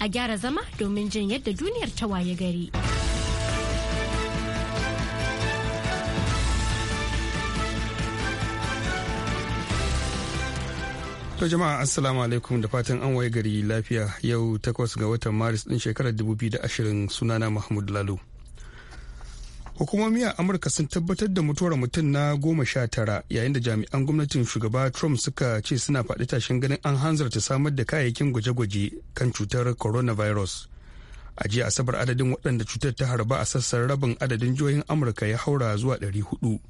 a gyara zama domin jin yadda duniyar ta waye gari. To jama'a assalamu alaikum da fatan an waye gari lafiya yau takwas ga watan maris din shekarar 2020 sunana Mahmud lalu. hukumomi a amurka sun tabbatar da mutuwar mutum na goma sha tara yayin da jami'an gwamnatin shugaba trump suka ce suna faɗi tashin ganin an hanzarta samar da kayayyakin gwaje-gwaje kan cutar coronavirus a jiya asabar adadin waɗanda cutar ta harba a sassan rabin adadin jihohin amurka ya haura zuwa hudu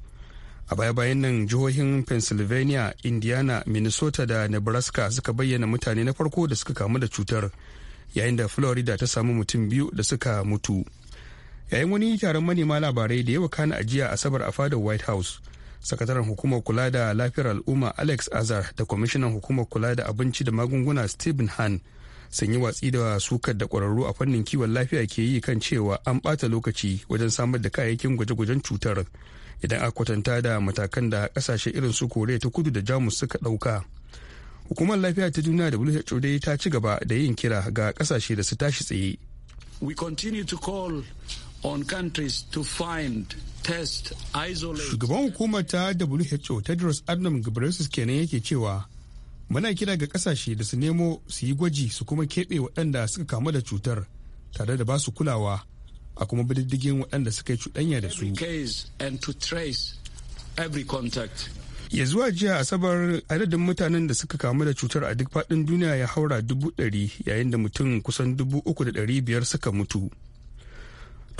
a baya-bayan nan jihohin pennsylvania indiana minnesota da nebraska suka bayyana mutane na farko da suka kamu da cutar yayin da florida ta samu mutum biyu da suka mutu yayin wani taron manema labarai da yawa kana ajiya a asabar a fadar white house sakataren hukumar kula da lafiyar al'umma alex azar da kwamishinan hukumar kula da abinci da magunguna stephen han sun yi watsi da sukar da kwararru a fannin kiwon lafiya ke yi kan cewa an bata lokaci wajen samar da kayayyakin gwaje-gwajen cutar idan a kwatanta da matakan da kasashe irin su koriya ta kudu da jamus suka dauka hukumar lafiya ta duniya da who dai ta ci gaba da yin kira ga kasashe da su tashi tsaye we continue to call shugaban hukumar ta WHO Tedros adnam Ghebreyesus kenan yake cewa muna kira ga kasashe da su nemo su yi gwaji su kuma keɓe waɗanda suka kamu da cutar tare da ba su kulawa a kuma bididdigin waɗanda suka yi cuɗanya da su ya zuwa jiya asabar adadin mutanen da suka kamu da cutar a duk faɗin duniya ya haura dubu ɗari yayin da mutum kusan dubu uku da ɗari biyar suka mutu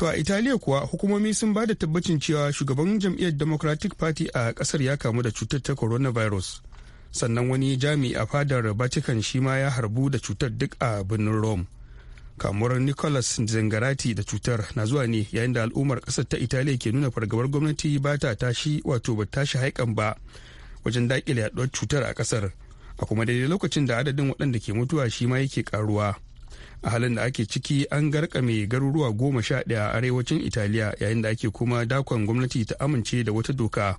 To a Italiya kuwa hukumomi sun ba da tabbacin cewa shugaban jam'iyyar Democratic Party a kasar ya kamu da cutar ta coronavirus. Sannan wani jami a fadar Vatican shi ma ya harbu da cutar duk a birnin Rome. Kamuwar Nicholas Zangarati da cutar na zuwa ne yayin da al'ummar kasar ta Italiya ke nuna fargabar gwamnati ba ta tashi wato ba tashi haikan ba wajen daƙile yaduwar cutar a kasar. A kuma daidai lokacin da adadin waɗanda ke mutuwa shi ma yake ƙaruwa. a halin da ake ciki an garkame garuruwa goma sha ɗaya a arewacin italiya yayin da ake kuma dakon gwamnati ta amince da wata doka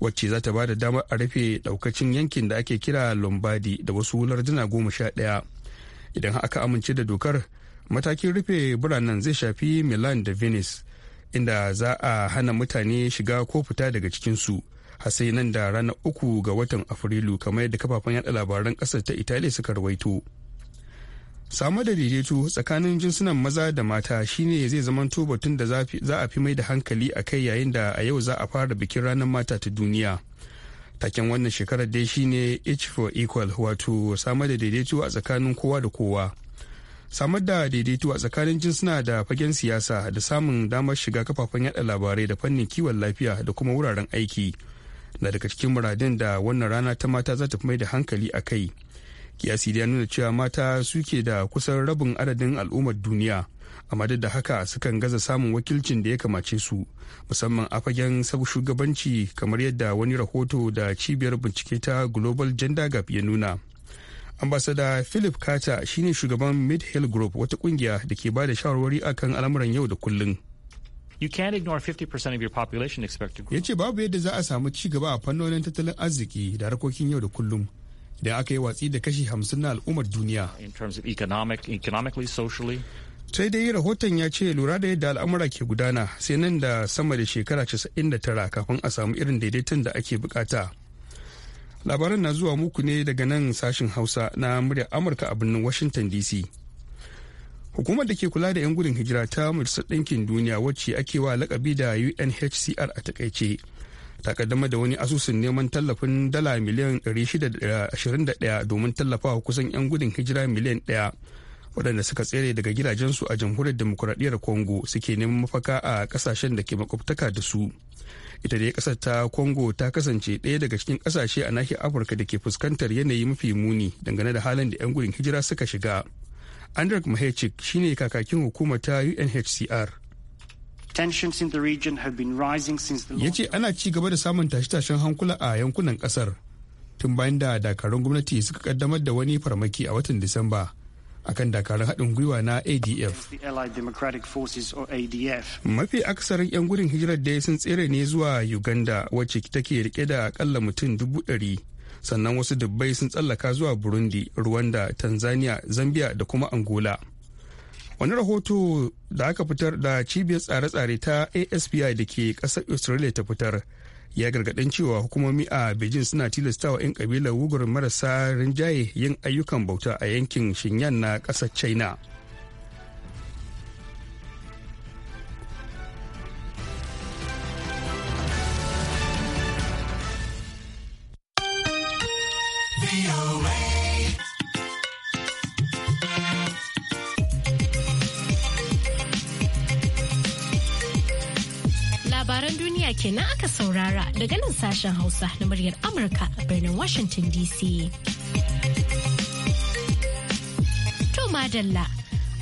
wacce za ta ba da damar a rufe daukacin yankin da ake kira lombardi da wasu larduna goma sha ɗaya idan aka amince da dokar matakin rufe biranen zai shafi milan da venice inda za a hana mutane shiga ko fita daga cikinsu har nan da ranar uku ga watan afrilu kamar yadda kafafen yada labaran ƙasar ta italiya suka rawaito. samar da daidaito tsakanin jinsunan maza da mata shine zai zamanto batun da za a fi mai da hankali a kai yayin da a yau za a fara bikin ranar mata ta duniya taken wannan shekarar dai shine h for equal wato samar da daidaito a tsakanin kowa da kowa samar da daidaito a tsakanin jinsuna da fagen siyasa da samun damar shiga kafafen yada labarai da fannin kiwon lafiya da kuma wuraren aiki na daga cikin muradin da wannan rana ta mata za ta fi mai da hankali a kai kiyasi ya nuna cewa mata suke da kusan rabin adadin al'ummar duniya amma duk da haka sukan gaza samun wakilcin da ya kamace su musamman a fagen shugabanci kamar yadda wani rahoto da cibiyar bincike ta global gender gap ya nuna ambasada philip carter shine shugaban mid hill group wata kungiya da ke ba da shawarwari akan al'amuran yau da kullun Ya ce babu yadda za a samu ci gaba a fannonin tattalin arziki da harkokin yau da kullum da aka yi watsi da kashi 50 na al'ummar duniya. Sai dai rahoton ya ce lura da yadda al'amura ke gudana sai nan da sama da shekara 99 kafin a samu irin daidaiton da ake bukata. Labaran na zuwa muku ne daga nan sashin Hausa na muryar Amurka a birnin Washington DC. Hukumar da ke kula da 'yan gudun hijira ta Majalisar Ɗinkin Duniya wacce ake wa lakabi da UNHCR a takaice. ta da wani asusun neman tallafin dala miliyan 621 domin tallafawa kusan 'yan gudun hijira miliyan 1 waɗanda suka tsere daga gidajensu a jamhuriyar demokuraɗiyyar congo suke neman mafaka a ƙasashen da ke makwabtaka da su ita dai ƙasar ta congo ta kasance ɗaya daga cikin ƙasashe a nahiyar afirka da ke fuskantar yanayi mafi muni dangane da halin da 'yan gudun hijira suka shiga andrek mahechik shine kakakin hukumar ta unhcr Ya ce ana ci gaba da samun tashe-tashen hankula a yankunan kasar tun bayan da dakarun gwamnati suka kaddamar da wani farmaki a watan Disamba akan dakarun haɗin gwiwa na ADF. Mafi akasarin 'yan gudun hijirar da sun tsere ne zuwa Uganda wacce take rike da akalla mutum dubu ɗari sannan wasu dubbai sun tsallaka zuwa Burundi, Rwanda, Tanzania, Zambia da kuma Angola. wani rahoto da aka fitar da cibiyar tsare-tsare ta aspi da ke ƙasar australia ta fitar ya gargaɗin cewa hukumomi a beijing suna tilastawa 'yan kabilar wugar marasa rinjaye yin ayyukan bauta a yankin shinyan na ƙasar china kenan aka saurara daga nan sashen Hausa na muryar Amurka a birnin Washington DC. To madalla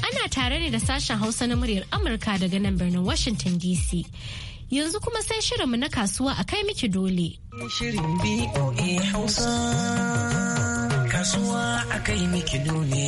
ana tare ne da sashen Hausa na muryar Amurka daga nan birnin Washington DC. Yanzu kuma sai shirinmu na kasuwa a kai miki dole. Shirin BOA Hausa kasuwa a kai miki dole.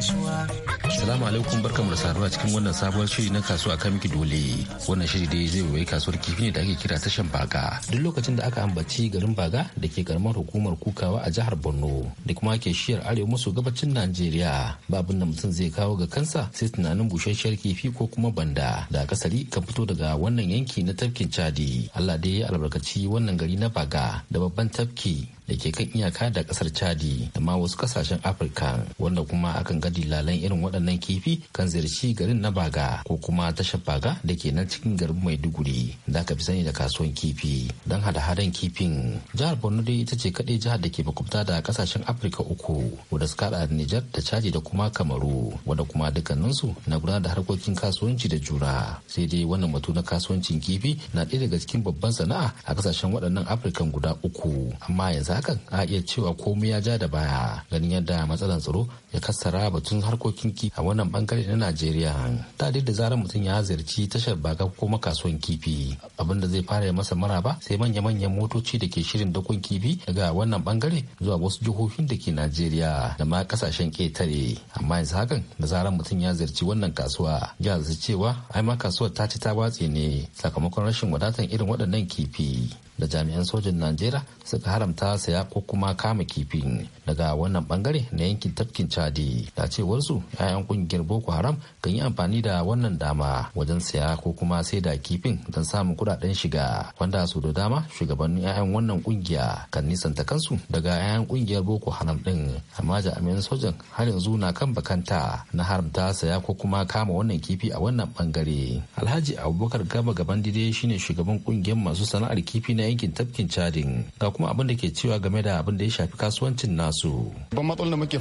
Salamu alaikum barkamu da saduwa cikin wannan sabuwar shiri na kasuwa kan miki dole. Wannan shiri dai zai bai kasuwar kifi ne da ake kira tashan baga. Duk lokacin da aka ambaci garin baga da ke karamar hukumar kukawa a jihar Borno da kuma ke shiyar arewa maso gabacin Najeriya. Babin da mutum zai kawo ga kansa sai tunanin busasshiyar kifi ko kuma banda da akasari kan fito daga wannan yanki na tafkin Chadi. Allah dai ya albarkaci wannan gari na baga da babban tafki da ke kan iyaka da kasar Chadi da ma wasu kasashen Afirka wanda kuma akan ga dillalan irin waɗannan kifi kan ziyarci garin na baga ko kuma tashar baga da ke nan cikin garin maiduguri da aka fi sani da kasuwan kifi don hada-hadan kifin jihar borno dai ita ce kaɗai jihar da ke makwabta da kasashen afirka uku wadda suka haɗa da nijar da caji da kuma kamaru wadda kuma dukkaninsu na gudanar da harkokin kasuwanci da jura sai dai wannan batu na kasuwancin kifi na ɗaya daga cikin babban sana'a a kasashen waɗannan afirkan guda uku amma yanzu hakan a iya cewa komai ya ja da baya ganin yadda matsalar tsaro ya kassara batun harkokin kifi a wannan bangare na najeriya ta da zarar mutum ya ziyarci tashar baka ko makasuwan kifi abinda zai fara ya masa maraba sai manya-manyan motoci da ke shirin dakon kifi daga wannan bangare zuwa wasu jihohin da ke najeriya da ma kasashen ketare amma yanzu hakan da zarar mutum ya ziyarci wannan kasuwa ya cewa ai ma kasuwar ta ci ta watse ne sakamakon rashin wadatan irin waɗannan kifi da jami'an sojin najeriya suka haramta saya ko kuma kama kifin daga wannan bangare na yankin tafkin chadi da cewarsu 'ya'yan kungiyar boko haram kan yi amfani da wannan dama wajen saya ko kuma sai da kifin don samun kudaden shiga wanda su da dama shugabannin 'ya'yan wannan kungiya kan nisanta kansu daga 'ya'yan kungiyar boko haram din amma jami'an sojan har yanzu na kan bakanta na haramta saya ko kuma kama wannan kifi a wannan bangare alhaji abubakar gaba gaban dide shine shugaban kungiyar masu sana'ar kifi na yankin tafkin chadin ga kuma abin da ke cewa game da abin da ya shafi kasuwancin nasu ban matsalar da muke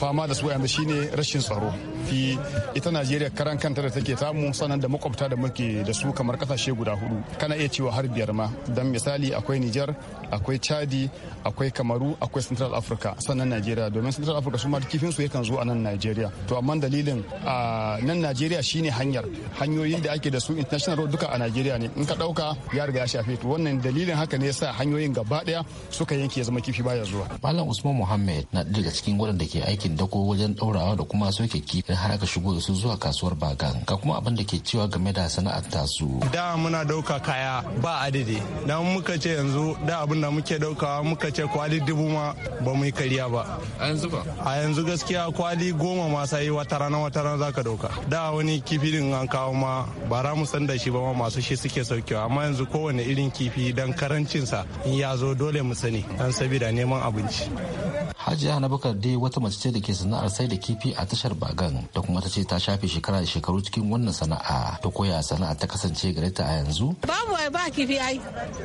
fama da su yanzu shine rashin tsaro fi ita najeriya karan kanta da take tamu sanan da makwabta da muke da su kamar kasashe guda hudu kana iya cewa har biyar ma dan misali akwai niger akwai chadi akwai kamaru akwai central africa sannan najeriya domin central africa su ma kifin su yakan zo a nan najeriya to amma dalilin a nan najeriya shine hanyar hanyoyin da ake da su international road duka a najeriya ne in ka dauka ya riga ya shafe wannan dalilin haka ne sa hanyoyin gaba daya suka yanke ya zama kifi baya zuwa malam usman muhammad na daga cikin wurin da ke aikin dako wajen daurawa da kuma soke kifin har aka shigo da su zuwa kasuwar bagan ka kuma abin da ke cewa game da sana'ar tasu da muna dauka kaya ba adadi da muka ce yanzu da abin da muke daukawa muka ce kwali dubu ma ba mu yi kariya ba a yanzu ba a yanzu gaskiya kwali goma ma sai wata rana wata rana zaka dauka da wani kifi din an kawo ma ba ra mu san da shi ba ma masu shi suke saukewa amma yanzu kowane irin kifi don karancinsa in ya zo dole mu sani an sabida neman abinci hajiya na bukar dai wata mace ce da ke sana'ar sai da kifi a tashar bagan da kuma ta ce ta shafe shekara da shekaru cikin wannan sana'a ta koya sana'a ta kasance gare ta a yanzu babu ba kifi ai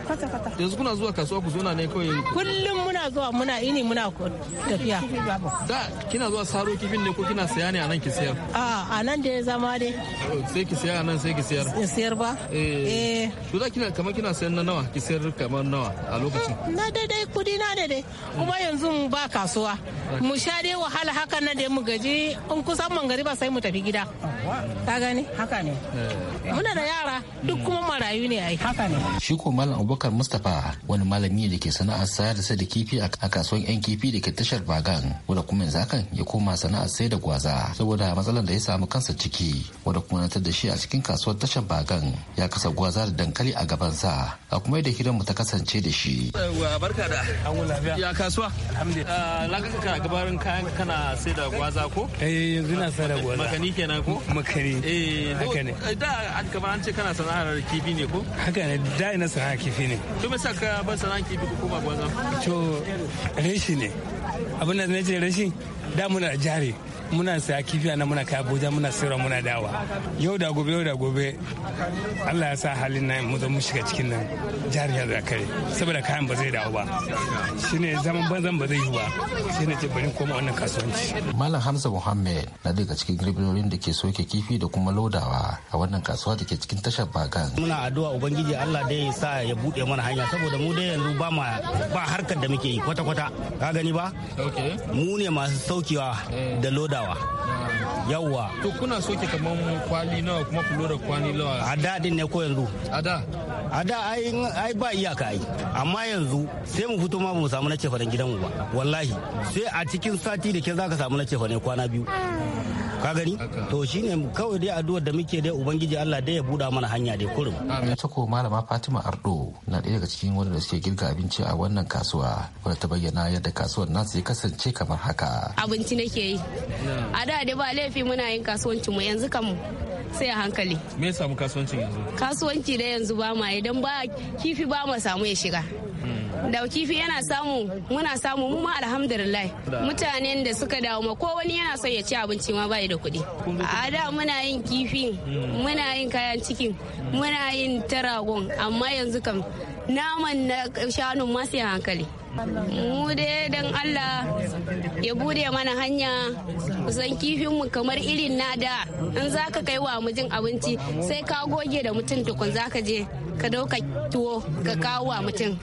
kwata kwata yanzu kuna zuwa kasuwa ku zona ne kawai kullum muna zuwa muna ini muna tafiya da kina zuwa saro kifin ne ko kina saya ne a nan ki sayar a a nan da ya zama dai sai ki saya a nan sai ki sayar sayar ba eh. eh to da kina kamar kina sayar na nawa ki sayar kamar nawa a lokacin na daidai kudi na daidai kuma yanzu ba ka kasuwa mu sha dai wahala haka na da mu gaji in kusan mangariba sai mu tafi gida ka gani haka ne eh. muna da yara duk kuma marayu ne ai haka ne shi ko malam abubakar mustapha wani malami ne da ke sana'ar sayar da da kifi a kasuwan yan kifi da ke tashar bagan wanda kuma yanzu hakan ya koma sana'ar sai da gwaza saboda matsalar da ya samu kansa ciki wanda kuma na da shi a cikin kasuwar tashar bagan ya kasa gwaza da dankali a gabansa a kuma yadda hidanmu ta kasance da shi barka da ya kasuwa na ga ka gabarin kayan kana sai da gwaza ko? Eh yanzu na sai da gwaza. Makani kenan ko? Makani. Eh haka ne. Eh, da an kamar an ce kana sana'ar kifi ne ko? Haka ne da ina sana'ar kifi ne. To me saka ba sana'ar kifi ko kuma gwaza? To reshi ne. Abin da na ce reshi da muna jari. muna saya kifi na muna kai abuja muna sayarwa muna dawa yau da gobe yau da gobe allah ya sa halin nan mu zo mu shiga cikin nan jihar yanzu kare saboda kayan ba zai dawo ba shine zaman banzan ba zai yi ba shine ce bari koma wannan kasuwanci malam hamza muhammed na daga cikin girbirorin da ke soke kifi da kuma lodawa a wannan kasuwa da ke cikin tashar bagan muna addu'a ubangiji allah dai ya sa ya bude mana hanya saboda mu dai yanzu ba ma ba harkar da muke yi kwata-kwata ka gani ba mu ne masu saukewa eh. da loda gudawa. yawwa to kuna soke kaman kwali nawa kuma kulo da kwali nawa a da din ne ko yanzu a da a da ai ba iyaka ai amma yanzu sai mu fito ma mu samu na cefanen mu ba wallahi sai a cikin sati da ke ka samu na cefane kwana biyu ka gani to shine kawai dai addu'ar da muke dai ubangiji Allah dai ya buɗa mana hanya dai kurum ta ko malama Fatima Ardo na ɗaya daga cikin wanda suke girka abinci a wannan kasuwa wanda ta bayyana yadda kasuwar nasu ya kasance kamar haka abinci nake yi a da dai ba laifi muna yin kasuwancin mu yanzu kam sai a hankali me ya samu kasuwancin yanzu kasuwanci da yanzu ba ma idan ba kifi ba mu samu ya shiga hmm. da kifi yana samu muna samu mu ma alhamdulillah mutanen da suka dawo ma ko wani yana son ya ci abinci ma bai da kuɗi a da muna yin kifi hmm. muna yin kayan cikin muna yin taragon amma yanzu kam naman na shanun masu hankali mu dai don Allah ya bude mana hanya kusan kifinmu kamar irin na da in za ka kai wa mujin abinci sai ka goge da mutum tukun za ka je ka dauka tuwo ka kawo wa mutum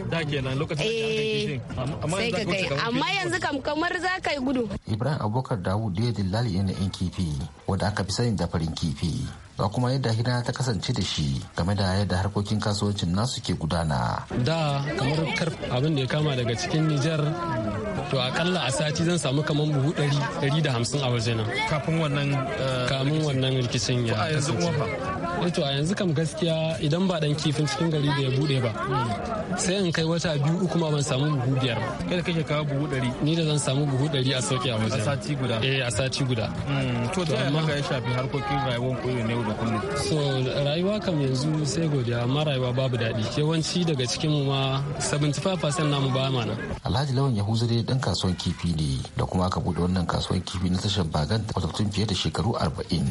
eh, sai ka kai amma yanzu kam kamar za ka yi gudu ibrahim abubakar dawud da ya dillali yana yan kifi wanda aka fi sani da farin kifi Ba kuma yadda hidana ta kasance da shi game da yadda harkokin kasuwancin nasu ke gudana. Da kamar abin da ya kama daga cikin Nijar to akalla a sati zan samu kamar buhu ɗari da hamsin a wajena. Kafin wannan eh, rikicin ya kasance. Eh, to a yanzu kam gaskiya idan ba dan kifin cikin gari da ya bude ba sai in kai wata biyu uku ma ban samu buhu biyar ba kai da kake kawo buhu ɗari ni da zan samu buhu ɗari a sauke a wajen a sati guda eh a sati guda hmm, to da amma ya shafi harkokin rayuwar koyo ne da kullum so rayuwa kam yanzu sai godiya amma rayuwa babu daɗi yawanci daga cikin mu ma 75% namu ba ma na. Alhaji Lawan yahuzu dai dan kasuwar kifi ne da kuma aka bude wannan kasuwar kifi na tashar Bagan da fiye da shekaru 40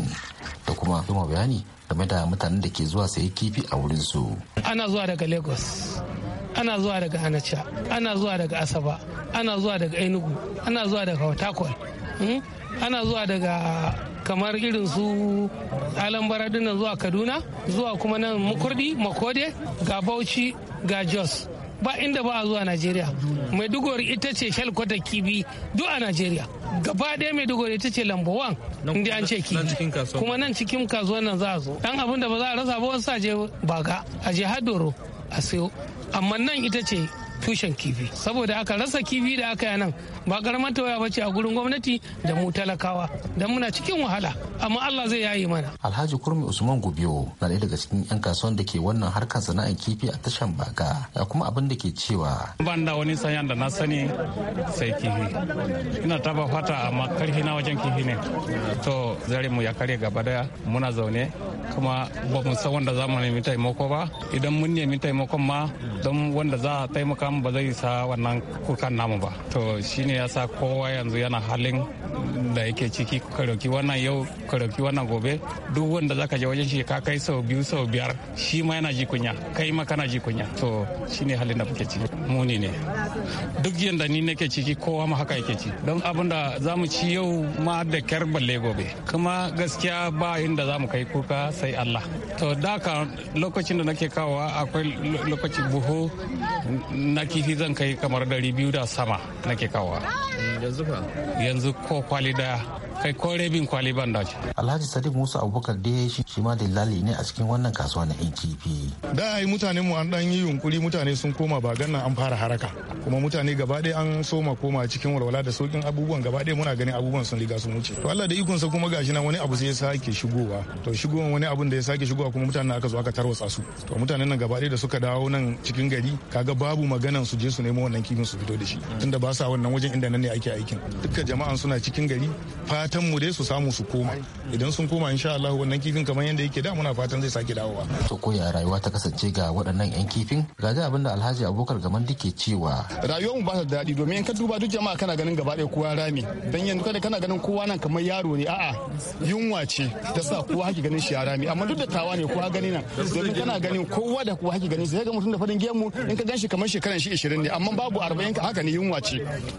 da kuma kuma bayani game da mutanen da ke zuwa sayi kifi a wurinsu. Ana zuwa daga Lagos, ana zuwa daga Anacha, ana zuwa daga Asaba, ana zuwa daga Enugu, ana zuwa daga Watakwal, hmm? ana zuwa daga kamar irin su alambara baradunan zuwa Kaduna, zuwa kuma nan Makurdi makode, ga Bauchi, ga Jos. ba inda ba a zuwa najeriya maiduguri ita ce shalkwata kibi duk a najeriya gaba ɗaya maiduguri ita ce lambo wan inda an ce kibi kuma nan cikin kasuwan nan za a zo dan abin da ba za a rasa ba wasu je baga a je hadoro a siyo amma nan ita ce tushen kifi saboda aka rasa kifi da aka yi nan ba karamar tawaya bace a gurin gwamnati da mu talakawa dan muna cikin wahala amma Allah zai yayi mana Alhaji Kurmi Usman Gubiyo na ɗaya daga cikin yan kasuwan da ke wannan harkar sana'ar kifi a tashan baka ya kuma abin da ke cewa ban da wani sanyan da na sani sai kifi ina taba fata amma karfi na wajen kifi ne to zare mu ya kare gaba daya muna zaune kuma ba mu san wanda za mu nemi taimako ba idan mun nemi taimakon ma don wanda za a taimaka namu ba zai sa wannan kukan namu ba to shine yasa kowa yanzu yana halin da yake ciki karoki wannan yau karoki wannan gobe duk wanda zaka je wajen shi ka kai sau biyu sau biyar shi ma yana ji kunya kai ma kana ji kunya to shine halin da muke ciki muni ne duk yanda ni nake ciki kowa ma haka yake ci don abin da za mu ci yau ma da kyar balle gobe kuma gaskiya ba inda za mu kai kuka sai Allah to da ka lokacin da nake kawowa akwai lokacin buhu na na kifi zan kai kamar ɗari biyu da sama nake kawa yanzu yanzu ko kwali daya kai ko rabin kwali ban da alhaji sadiq musa abubakar dai shi ma dillali ne a cikin wannan kasuwa na yan kifi da ai mutanen mu an dan yi yunkuri mutane sun koma ba gannan an fara haraka kuma mutane gaba ɗaya an soma koma cikin walwala da saukin abubuwan gaba ɗaya muna ganin abubuwan sun riga sun wuce to Allah da ikonsa kuma gashi nan wani abu sai ya sake shigowa to shigowan wani abun da ya sake shigowa kuma mutanen aka zo aka tarwatsa su to mutanen nan gaba ɗaya da suka dawo nan cikin gari kaga babu maganan su je su nemo wannan kifin su fito da shi tunda ba sa wannan wajen inda nan ne ake aikin dukkan jama'an suna cikin gari fatan mu dai su samu su koma idan sun koma insha Allah wannan kifin kamar yadda yake da muna fatan zai sake dawowa to ko ya rayuwa ta kasance ga waɗannan yan kifin ga da abinda Alhaji Abubakar Gaman ke cewa rayuwar mu ba ta daɗi domin in ka duba duk jama'a kana ganin gaba ɗaya kowa rami dan yanzu kada kana ganin kowa nan kamar yaro ne a'a yunwa ce ta sa kowa haki ganin shi a rami amma duk da tawa ne kowa gani nan domin kana ganin kowa da kowa haki ganin shi sai ga mutum da farin gemu in ka ganshi kamar shekaran shi ishirin ne amma babu ka haka ne yunwa ce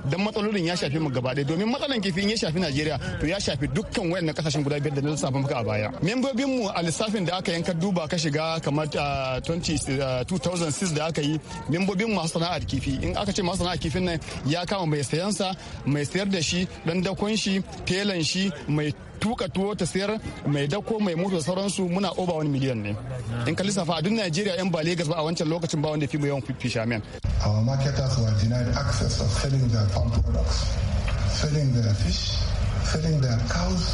dan matsalolin ya shafi mu gaba ɗaya domin matsalan kifin ya shafi Najeriya to ya shafi dukkan wayannan kasashen guda biyar da na lissafa maka a baya membobin mu a lissafin da aka yanka duba ka shiga kamar 2006 ah, ah, da aka yi membobin masu sana'ar kifi in aka ce masana sana'a kifin nan ya kama mai sayansa mai sayar da shi dan dakon shi telan shi mai tuka tuwo ta sayar mai dako mai moto sauransu muna oba wani miliyan ne in ka lissafa a duk najeriya yan ba lagos ba a wancan lokacin ba wanda fi mu yawan fishamen our marketers were denied access of selling their farm products selling their fish selling their cows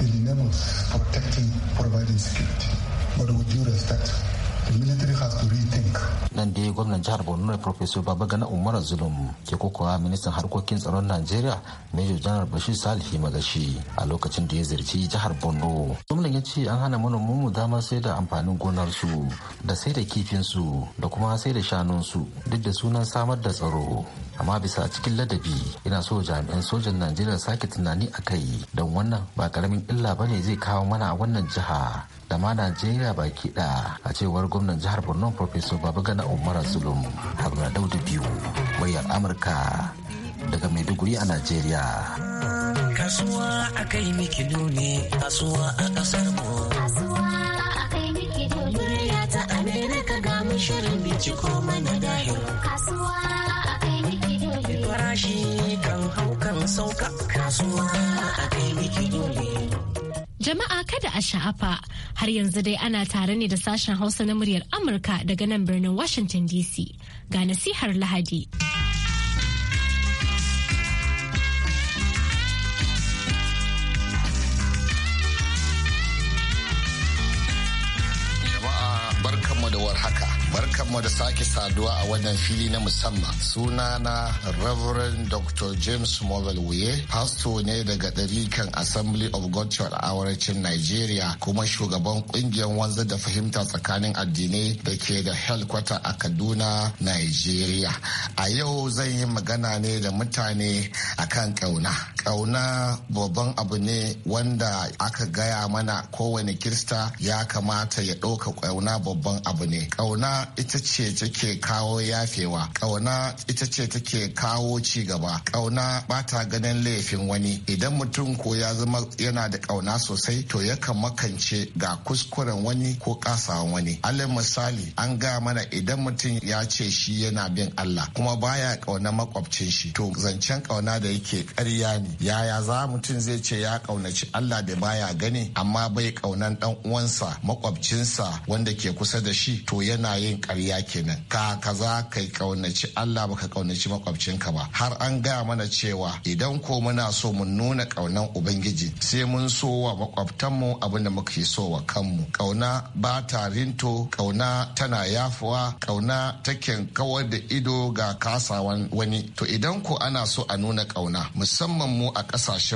in the name of protecting providing security but with due respect The military has to rethink. Nan dai gwamnan jihar Borno da Professor Gana Umar Zulum ke kokowa ministan harkokin tsaron Najeriya Major General Bashir Salihu Magashi a lokacin da ya ziyarci jihar Borno. Gwamnan ya ce an hana manoman mu dama sai da amfanin gonar su da sai da kifinsu da kuma sai da su duk da sunan samar da tsaro. amma bisa cikin ladabi ina so jami'an sojan najeriya sake tunani a kai don wannan ba karamin illa ba ne zai kawo mana a wannan jiha da ma najeriya baki da a cewar gwamnan jihar borno professor babagana umar zulum haruna daudu biyu muryar amurka daga maiduguri a najeriya kasuwa a kai miki ne kasuwa a kasar kasuwa a kai miki ta amerika ga mu shirin binciko mana shi kan haukan sauka kasuwa a kai miki Jama'a kada a sha'afa har yanzu dai ana tare ne da sashen Hausa na muryar Amurka daga nan birnin Washington DC ga nasihar Lahadi. Jama'a barkanmu da warhaka. Barkanmu da sake saduwa a wannan fili na musamman. Sunana Reverend Dr. James Mobile Wuye, pasto ne daga ɗarikan Assembly of God Church a Awaracin Nigeria, kuma shugaban ƙungiyar wanzu da fahimta tsakanin addinai da ke da helkwata a Kaduna, Nigeria. A yau zan yi magana ne da mutane akan ƙauna. Ƙauna babban abu ne wanda aka gaya mana kowane kirista ya kamata ya ɗauka ƙauna babban abu ne. Ƙauna ƙauna ita ce take kawo yafewa ƙauna ita ce take kawo ci gaba ƙauna ba ta ganin laifin wani idan mutum ko ya zama yana da ƙauna sosai to yakan makance ga kuskuren wani ko kasawan wani alal misali an ga mana idan mutum ya ce shi yana bin Allah kuma baya ƙauna makwabcin shi to zancen ƙauna da yake karya ne yaya za mutum zai ce ya ƙaunaci Allah da baya gani amma bai ƙaunan ɗan uwansa makwabcinsa wanda ke kusa da shi to yana yin karya kenan ka kaza kai kaunaci Allah baka kaunaci makwabcinka ba har an gaya mana cewa idan ko muna so mu nuna kaunan ubangiji sai mun so wa mu abin da muke so wa kanmu ƙauna ba ta rinto ƙauna tana yafuwa ƙauna taken kawar da ido ga kasawan wani to idan ko ana so a nuna ƙauna musamman mu a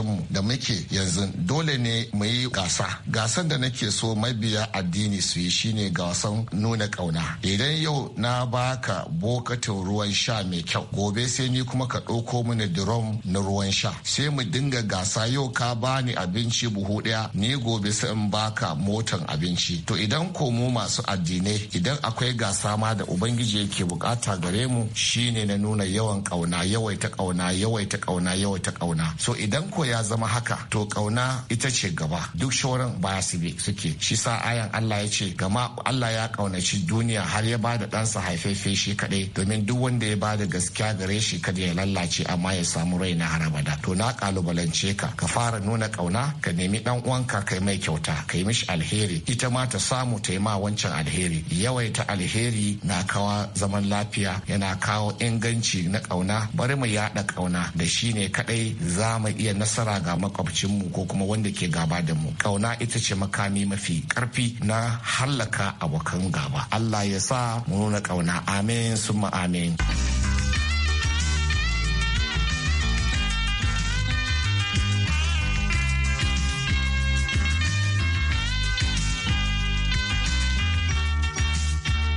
mu da muke yanzu dole ne mu yi gasa gasan da nake so mabiya addini su yi shine gasan nuna ƙauna. idan yau na baka bokatin ruwan sha mai kyau gobe sai ni kuma ka ɗauko mini drum na ruwan sha sai mu dinga gasa yau ka bani abinci buhu ɗaya ni gobe sai in baka motan abinci to idan ko mu masu addinai idan akwai gasa ma da ubangiji yake bukata gare mu shine na nuna yawan kauna yawaita kauna yawaita kauna yawaita kauna so idan ko ya zama haka to kauna ita ce gaba duk shoran baya su suke shi sa ayan Allah ya ce gama Allah ya kaunaci duniya har ya ba da ɗansa haifefe shi kaɗai domin duk wanda ya ba da gaskiya gare shi kada ya lallace amma ya samu rai na har to na kalubalance ka ka fara nuna ƙauna ka nemi ɗan uwanka kai mai kyauta ka yi mishi alheri ita ma ta samu ta yi ma wancan alheri yawaita alheri na kawa zaman lafiya yana kawo inganci na ƙauna bari mu yaɗa ƙauna da shi ne kaɗai za mu iya nasara ga mu ko kuma wanda ke gaba da mu ƙauna ita ce makami mafi ƙarfi na hallaka abokan gaba Allah ya sa mu nuna ƙauna amin summa amin.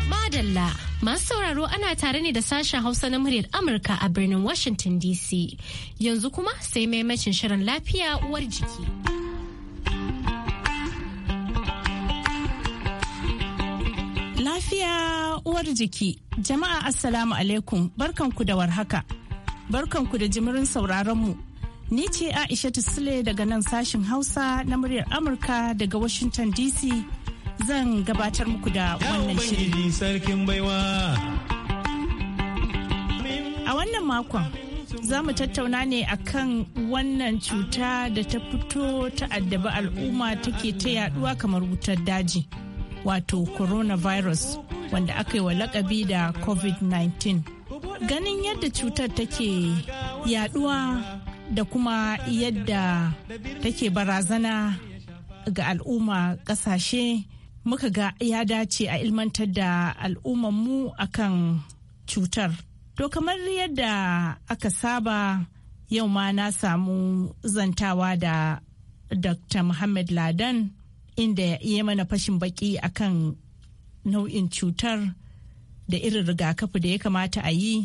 Madalla masu sauraro ana tare ne da sashen Hausa na muryar Amurka a birnin Washington DC. Yanzu kuma sai maimacin shirin lafiya uwar jiki. lafiya uwar jiki. Jama'a Assalamu alaikum barkanku da warhaka. Barkanku da jimirin sauraronmu. Ni ce Aisha Sule daga nan sashin Hausa na muryar Amurka daga Washington DC zan gabatar muku da wannan shirin. A wannan makon za mu tattauna ne akan wannan cuta da ta fito ta addaba al'umma take ta yaduwa kamar wutar daji. wato coronavirus wanda aka yi wa lakabi da covid-19 ganin yadda cutar take yaduwa da kuma yadda take barazana ga al'umma kasashe muka ga ya dace a ilmantar da al'ummanmu akan cutar to kamar yadda aka saba yau ma na samu zantawa da dr muhammad ladan inda ya mana fashin baki akan nau'in cutar da irin rigakafi da ya kamata a yi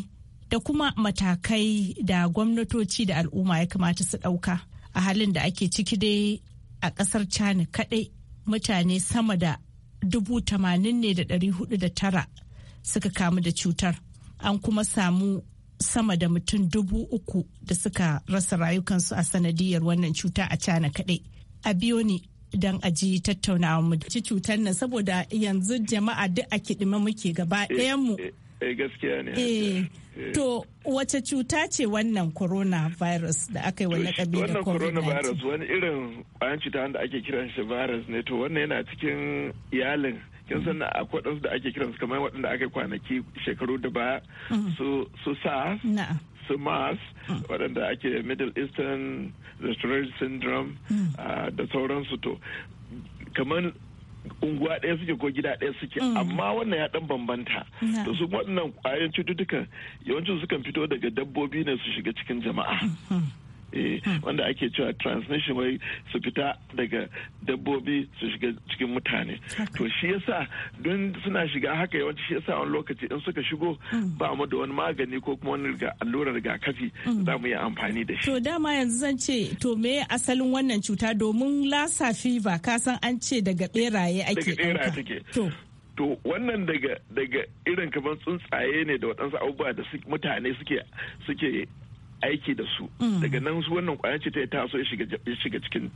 da kuma matakai da gwamnatoci da al'umma ya kamata su ɗauka a halin da ake ciki dai a ƙasar cani kaɗai mutane sama da dubu tamanin ne da ɗari hudu da tara suka kamu da cutar an kuma samu sama da mutum dubu uku da suka rasa rayukansu a sanadiyar wannan cuta a cana kaɗai a biyo ne don a ji tattaunawa mu ci cutar nan saboda yanzu jama'a duk a kiɗima muke gaba eh, ɗayan mu. Eh, eh gaskiya ne. Eh, to wace cuta ce wannan coronavirus da aka yi wani kabilar Wannan coronavirus wani irin ƙwayan cuta wanda ake kiran shi virus ne to wannan yana cikin iyalin kin san mm-hmm. akwai ɗansu da ake kiransu kamar waɗanda aka yi kwanaki shekaru da ba mm-hmm. su sa su mas waɗanda ake middle eastern respiratory syndrome mm. ah, da sauransu to kamar unguwa ɗaya suke ko gida ɗaya suke mm. amma wannan ya ɗan bambanta to su waɗannan ƙwayoyin cututtukan yawancin sukan fito daga dabbobi ne su shiga cikin jama'a mm-hmm. Eh, hmm. wanda ake cewa transmission wai su fita daga dabbobi su shiga cikin mutane to shi yasa don suna shiga haka yawanci shi yasa wani lokaci in suka shigo hmm. ba mu da wani magani ko kuma wani allurar rigakafi hmm. za mu yi amfani da shi to dama yanzu zan ce to me asalin wannan cuta domin lasa fever ka san an ce daga beraye ake ɗauka to wannan daga daga irin kamar tsuntsaye ne da waɗansu abubuwa da mutane suke suke aiki da su mm. daga nan su wannan kwayar ce ta so ya shiga cikin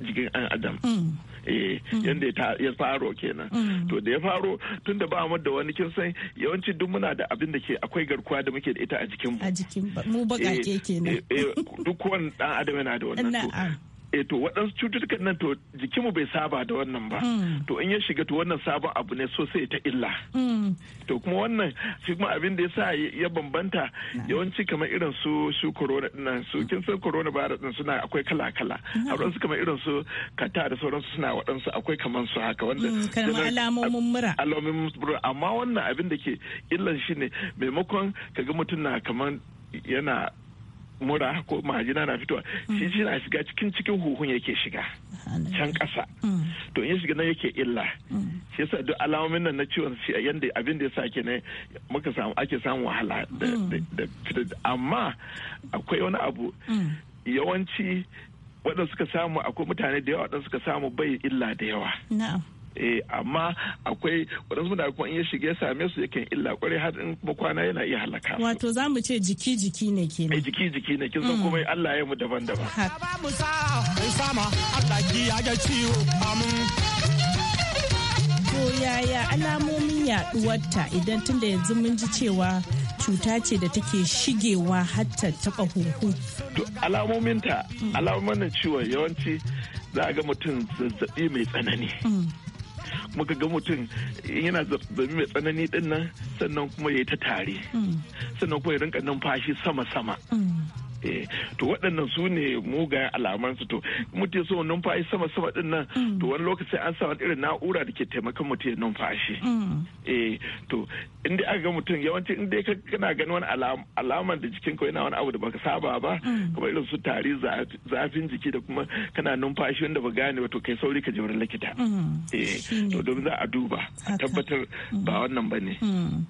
jikin an adam mm. eh, mm. yadda ya faro kenan to da ya faro tun da ba mu da wani kin san yawanci duk muna da abin da ke akwai garkuwa da muke da ita a jikin mu a jikin mu bakake eh, kenan eh, duk wani dan adam yana da wannan e to waɗansu cututtukan nan to jikinmu bai saba da wannan ba hmm. to in ya shiga to wannan sabon abu ne so sai ta illa hmm. to kuma wannan shi kuma abin da yasa ya bambanta yawanci kamar irin su su corona dinnan su kin san corona ba din suna akwai kala kala a wadansu kamar irin su kata da sauransu suna waɗansu akwai kamar su haka wanda hmm, kamar alamomin mura alamomin mura amma wannan abin da ke illan shine maimakon kaga mutum na kamar yana mura ko majina na fitowa mm. shi shi na shiga cikin cikin huhun yake shiga can kasa mm. to in shiga nan yake illa mm. shi yasa duk alamomin nan na ciwon shi yanda abin da yasa ke ne ake samun wahala da amma akwai wani abu yawanci waɗanda suka samu akwai mutane da yawa waɗanda suka samu bai illa da yawa eh amma akwai waɗansu da kuma in ya shige same su yake illa kwarai har in kuma kwana yana iya halaka wato za mu ce jiki jiki ne ke eh jiki jiki ne kin san mm. kuma Allah ya mu daban-daban ba mu sa mai sama Allah ya ga ciwo amin to yaya alamomin yaduwarta idan tunda yanzu mun ji cewa cuta ce da take shigewa hatta taba huhu alamominta mm. alamomin ciwon yawanci za a ga mutum zazzabi mai tsanani mm. muka ga mutum yana zazzabi mai tsanani din sannan kuma ya yi ta tare mm. sannan kuma ya rinka numfashi sama-sama mm. Eh, to waɗannan su ne mugayen alaman su to mutum so numfashi sama sama din nan mm. to wani lokaci an samu irin na'ura da ke taimakon mutum ya numfashi mm. eh to inda aka ga mutum yawanci inda ka kana ganin wani alaman da jikin ka yana wani abu da baka saba ba mm. kamar irin su tari zafin jiki da kuma kana numfashi wanda ba gane ba to kai sauri ka je wurin likita eh to domin za a duba a tabbatar ba wannan ba ne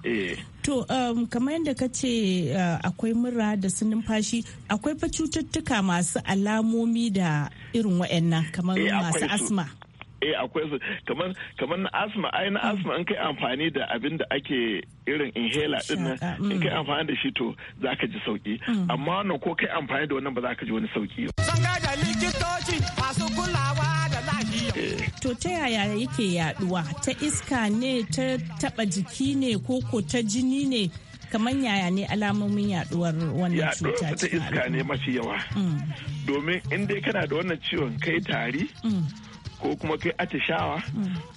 eh to um, kamar yadda ka ce uh, akwai mura da su numfashi akwai fa cututtuka masu alamomi da irin waɗannan kamar eh, masu asma. eh akwai su kamar kamar na asma ai na mm. asma in kai amfani da abin da ake irin inhaler din nan in kai mm. amfani da shi to zaka ji sauki mm. amma wannan ko kai amfani da wannan ba zaka ji wani sauki san ga da likitoci masu kulawa da lafiya eh. to ta yaya yake yaduwa ta iska ne ta taba jiki ne ko ko ta jini ne kamar yaya ne alamomin yaduwar wannan cuta ta iska ne mafi yawa mm. domin in dai kana da wannan ciwon kai tari mm. ko kuma kai atishawa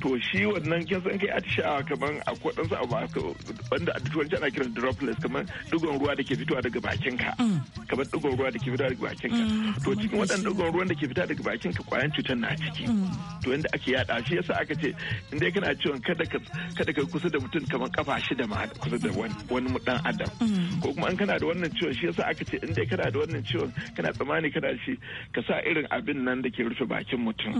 to shi wannan kin san kai atishawa kamar a su abu wanda a turanci ana kiran droplets kamar dugon ruwa da ke fitowa daga bakin ka kamar dugon ruwa da ke fitowa daga bakin ka mm, to cikin waɗannan dugon ruwan da ke fita daga bakin ka kwayan cutar na ciki mm. to yanda ake yada shi yasa aka ce in dai kana ciwon kada ka kada ka kusa da mutum kaman kafa shida ma kusa da wani wani dan adam mm. ko kuma in kana da wannan ciwon shi yasa aka ce in dai kana da wannan ciwon kana tsammani kana shi ka sa irin abin nan da ke rufe bakin mutum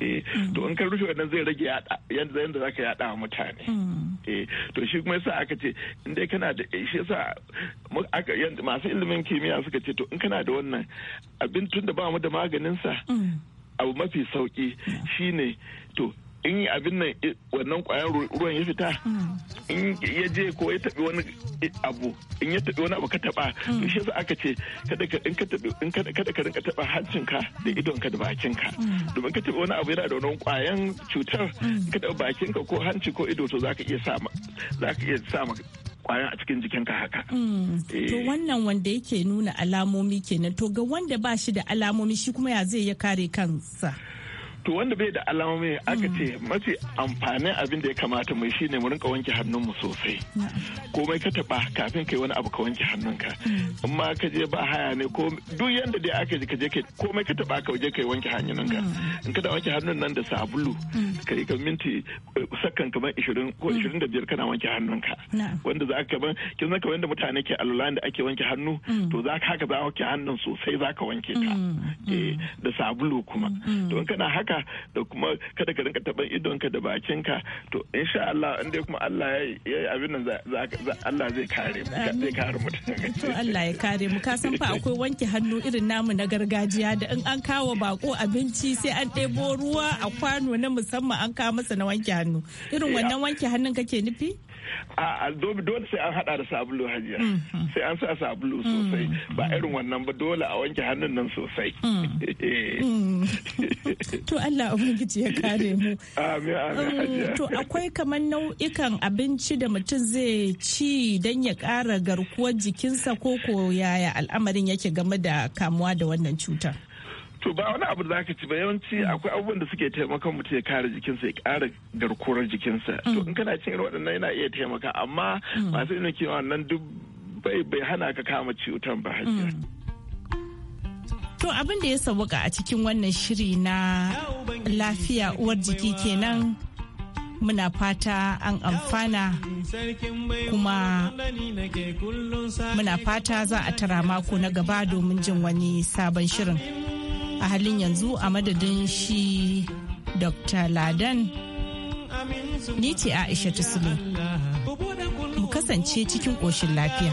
eh to in ka rufe wannan zai rage yadda yadda zaka yada mutane hmm. eh to shi kuma yasa aka ce in dai kana da eh, shi yasa aka yanda masu ilimin kimiyya suka ce to in kana da wannan abin tun da ba mu da maganin sa hmm. abu mafi sauki hmm. shine to in abin nan wannan kwayan ruwan ya fita in ya je ko ya tabi wani abu in ya tabi wani abu ka taba to mm. shi yasa aka ce kada ka in ka tabi in kada ka rinka taba hancinka da idonka da bakinka mm. domin ka tabi wani abu yana da wannan kwayan cutar mm. ka taba bakinka ko hanci ko ido to zaka iya sa zaka iya sa kwayan a cikin jikinka haka. To eh. wannan wanda yake nuna alamomi kenan to ga wanda ba shi da alamomi shi kuma ya zai ya kare kansa. to wanda bai da alamomi aka mm. ce mafi amfanin abin da ya kamata mu shine mu rinka wanke hannunmu sosai komai ka taba kafin kai wani abu ka wanke hannunka amma mm. ka je ba haya ne ko duk yanda dai aka je ka je kai komai ka taba ka je kai wanke hannunka mm. in ka da wanke hannun nan da sabulu kai ka minti eh, sakan kamar 20 ko 25 kana wanke hannunka wanda za ka ban kin san kamar da mutane ke alula da ake wanke hannu to za ka haka za ka wanke hannun sosai za ka wanke ta eh, da sabulu kuma to kana haka da kuma kada ka rinka taɓa idonka da bakinka to insha Allah in dai kuma Allah ya yi abin nan Allah zai kare mu zai kare mu to Allah ya kare mu ka san fa akwai wanke hannu irin namu na gargajiya da in an kawo bako abinci sai an ɗebo ruwa a kwano na musamman an kawo masa na wanke hannu irin eh, wannan wanke hannun kake nufi a dole sai an hada da sabulu hajiya mhm. sai an sa sabulu sosai mhm. ba irin wannan ba dole a wanke hannun nan sosai mhm. to Allah ubangiji ya kare mu um, to akwai kamar nau'ikan abinci da mutum zai ci don ya kara garkuwar jikinsa ko ko yaya al'amarin yake game da kamuwa da wannan cutar to ba wani abu da zaka ci ba yawanci mm. akwai abubuwan da suke taimaka mutum ya kare jikinsa ya kara garkuwar jikinsa to mm. in kana cin waɗannan yana iya taimaka amma mm. masu irin kewa nan duk bai hana ka kama ciwutan ba To abin da ya sauka a cikin wannan shiri na lafiya uwar jiki kenan muna fata an amfana kuma muna fata za a tara mako na gaba domin jin wani sabon shirin. a halin yanzu a madadin shi dr ladan ni ce aisha tusulu mu kasance cikin ƙoshin lafiya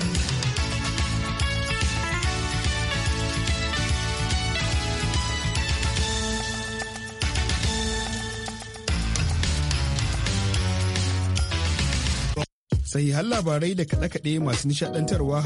sahihan labarai da kaɗe-kaɗe masu nishaɗantarwa